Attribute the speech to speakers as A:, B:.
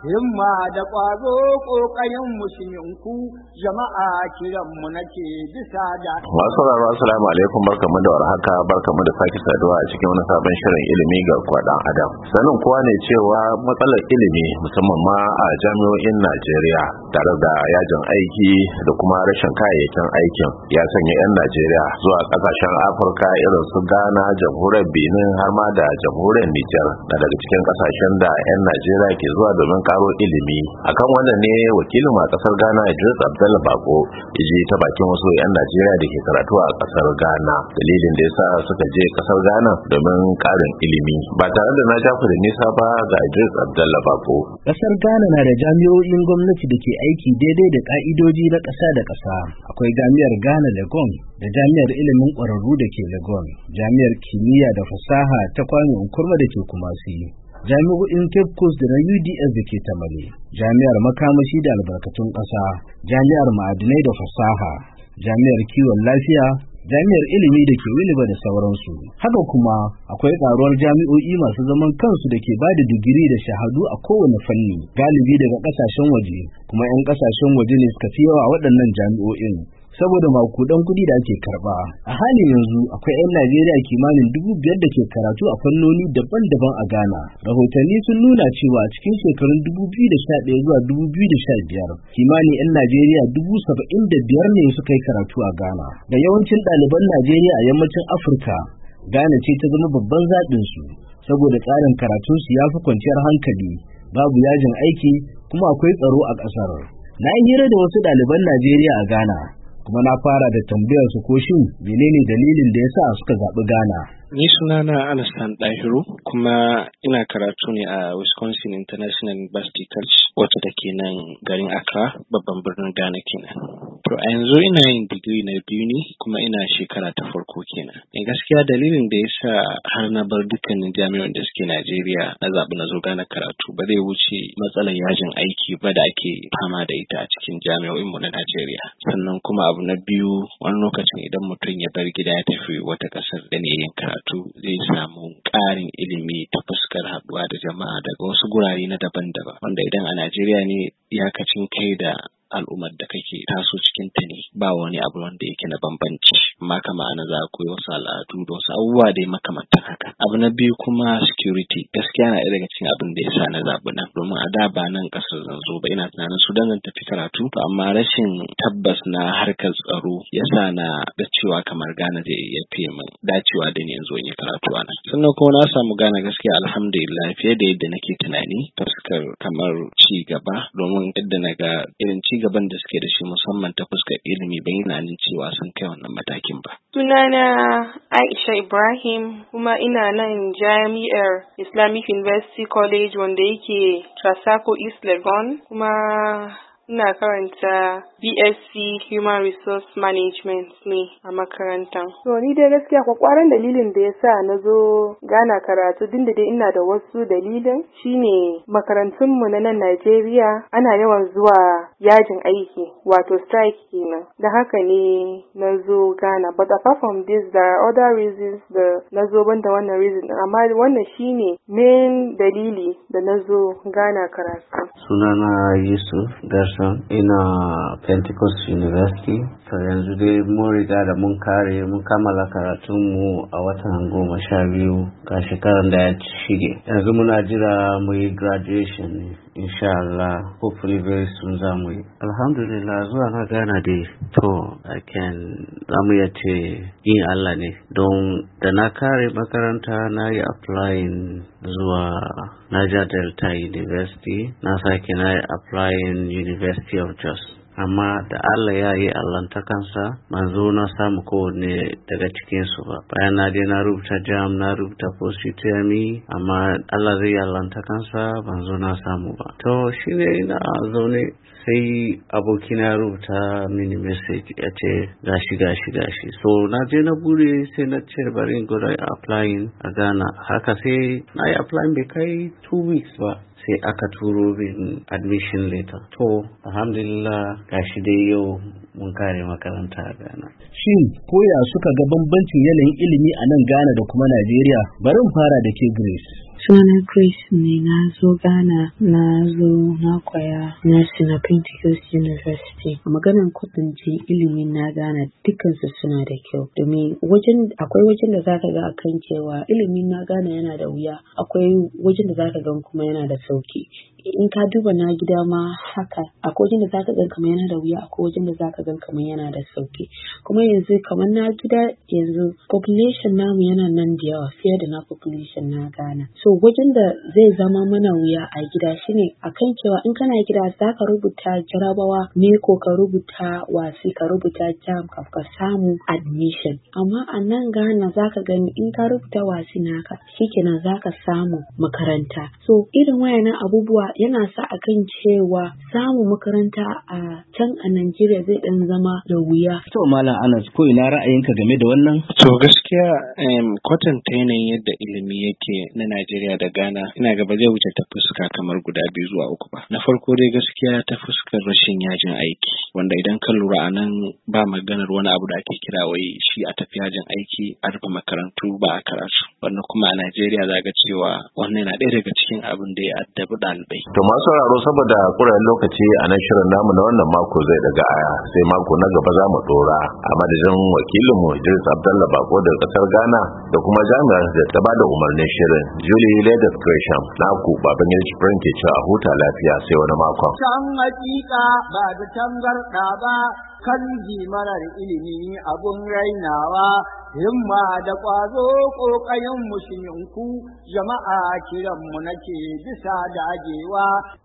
A: himma da ƙwazo ƙayan musulunku jama'a kiranmu nake bisa
B: da. Masu sauraro assalamu alaikum barkamu da warhaka barkamu da sake saduwa a cikin wani sabon shirin ilimi ga kwaɗan adam. Sanin kuwa ne cewa matsalar ilimi musamman ma a jami'o'in Najeriya tare da yajin aiki da kuma rashin kayayyakin aikin ya sanya 'yan Najeriya zuwa ƙasashen Afirka irin su Ghana, jamhuriyar Benin har ma da jamhuriyar Nijar daga cikin ƙasashen da 'yan Najeriya ke zuwa domin karo ilimi akan wannan ne wakilin a kasar ghana idris abdalla bako ya je ta bakin wasu 'yan najeriya da ke karatu a kasar ghana dalilin da yasa suka je kasar ghana domin karin ilimi ba tare da na ja da nisa ba ga idris abdalla bako
A: kasar ghana na da jami'o'in gwamnati da ke aiki daidai da ka'idoji na ƙasa da ƙasa akwai jami'ar ghana legon da jami'ar ilimin ƙwararru da ke legon jami'ar kimiyya da fasaha ta kwanon kurma da ke kumasi jami'o'in coast da na uds da ke tamale jami'ar makamashi da albarkatun ƙasa jami'ar ma'adinai da fasaha jami'ar kiwon lafiya jami'ar ilimi da ke wiliba da sauransu haka kuma akwai karuwar jami'o'i masu zaman kansu da ke bada digiri da shahadu a kowane fanni galibi daga ƙasashen waje kuma 'yan ƙasashen waje ne suka fi yawa waɗannan jami'o'in saboda makudan kudi da ake karba A halin yanzu akwai 'yan Najeriya kimanin dubu biyar da ke karatu a fannoni daban-daban a Ghana. Rahotanni sun nuna cewa cikin shekarun dubu biyu da sha ɗaya zuwa dubu biyu da sha biyar kimanin 'yan Najeriya dubu saba'in da biyar ne suka yi karatu a Ghana. Da yawancin ɗaliban Najeriya a yammacin Afirka, Ghana ce ta zama babban su saboda tsarin karatunsu ya fi kwanciyar hankali, babu yajin aiki kuma akwai tsaro a ƙasar. Na yi hira da wasu ɗaliban Najeriya a Ghana, kuma na fara da tambayar su ko shin menene dalilin da yasa suka zaɓi Ghana
C: Ni suna sunana Anastan Dahiru kuma ina karatu ne a Wisconsin International University College wata da ke nan garin Accra babban birnin Ghana kenan. To a yanzu ina yin digiri na biyu ne kuma ina shekara ta farko kenan. In eh, gaskiya dalilin da ya sa har na bar dukkanin jami'an da suke Najeriya na zaɓi na zo Ghana karatu ba zai wuce matsalar yajin aiki ba da ake fama da ita a cikin jami'o'in mu na Najeriya. Sannan kuma abu na biyu wani lokacin idan mutum ya bar gida ya tafi wata ƙasar da ne yin karatu. karatu zai samu ƙarin ilimi ta fuskar haɗuwa da jama'a daga wasu gurare na daban-daban wanda idan a Najeriya ne iyakacin kai da al'ummar da kake taso cikin ta ne ba wani abu wanda yake na bambanci amma kama ana za koyi wasu al'adu da wasu abubuwa dai makamantan haka abu na biyu kuma security gaskiya na daga cikin abin da ya sa na zaɓi nan domin a da ba nan ƙasar zanzo ba ina tunanin su zan tafi karatu to amma rashin tabbas na harkar tsaro ya sa na ga cewa kamar gana zai iya fiye min dacewa da ni yanzu in karatu a nan sannan kuma na samu gana gaskiya alhamdulillah fiye da yadda nake tunani fuskar kamar ci gaba domin yadda na ga irin ci gaban da suke da shi musamman ta fuskar ilimi ban yi nanin cewa sun kai wannan matakin ba.
D: Sunana Aisha Ibrahim kuma ina nan jami'ar jami'ar Islamic University College wanda yake Trasaco East Legon kuma Ina karanta BSc Human Resource Management ne a makarantar. To ni dai gaskiya kwaran dalilin da ya sa na zo gana karatu din da dai ina da wasu dalilin shine makarantunmu na nan Najeriya ana yawan zuwa yajin aiki wato strike kenan. Da haka ne na zo gana but apart from this there are other reasons da na zo banda wannan reason amma wannan shine main dalili da na zo gana karatu.
E: sunana yusuf gerson ina pentecost university to yanzu dai mun riga da mun kare mun kammala karatunmu a watan goma sha biyu ga shekaran da ya shige yanzu muna jira mu yi graduation insha Allah hopefully very soon za yi alhamdulillah zuwa na gana dai to I can zamu mu ce Allah ne don da na kare makaranta na yi applying zuwa Niger Delta University na sake na yi applying University of Jos amma da Allah ya yi allantakansa manzo na samu kowanne daga cikinsu ba bayan na dai na rubuta jam na rubuta posi amma Allah zai yi allantakansa manzo na samu ba to shi ne ina zaune sai abokina rubuta mini message ya ce gashi gashi gashi so na je na bure sai na ce bari in applying a Ghana haka sai na yi applying bai kai two weeks ba sai aka turo min admission letter to alhamdulillah gashi dai yau mun kare makaranta a Ghana
A: shin koya suka ga bambancin yanayin ilimi a nan Ghana da kuma Najeriya bari fara da ke
D: Grace suna grace ne na zo ghana na zo na kwaya nursing na pentecost university maganan kwatance ilimin na ghana dukansu suna da kyau domin akwai wajen da zaka ga akan cewa ilimin na ghana yana da wuya akwai wajen da zaka ga kuma yana da sauki in ka duba na gida ma haka akwai wajen da ka ga kamar yana da wuya akwai wajen da ka ga kamar yana da sauki kuma yanzu kamar na gida yanzu population namu yana nan da yawa fiye da na population na gana. so wajen da zai zama mana wuya a gida shine a akan cewa in kana gida za ka rubuta jarabawa ne ko ka rubuta wasi ka rubuta jam ka samu admission amma a nan Ghana ka gani in ka rubuta wasi naka shikenan ka samu makaranta so irin wayannan abubuwa yana sa a kan cewa samun makaranta a can a Najeriya zai ɗan zama da wuya. To Malam Anas ko
C: ina ra'ayinka game da wannan? To gaskiya kwatanta yanayin yadda ilimi yake na Najeriya da Ghana ina gaba zai wuce ta fuska kamar guda biyu zuwa uku ba. Na farko dai gaskiya ta fuskar rashin yajin aiki wanda idan ka lura a nan ba maganar wani abu da ake kira wai shi a tafi yajin aiki a rufe makarantu ba a karatu. Wannan kuma a Najeriya za ga cewa wannan yana ɗaya daga cikin abin da ya addabi ɗalibai.
B: To masu sauraro saboda kurayen lokaci a nan shirin namu na wannan mako zai daga aya sai mako na gaba za mu dora a madadin wakilinmu Idris Abdallah Bako daga kasar Ghana da kuma jami'an da ta bada umarnin shirin Julie Ledes Gresham na ku baban Yanci Prin ke cewa huta lafiya sai wani makon. Can
A: hakika ba da tangarda ba kanji marar ilimi abun rainawa himma da ƙwazo ƙoƙayen musulunku, jama'a kiran mu nake bisa da ajewa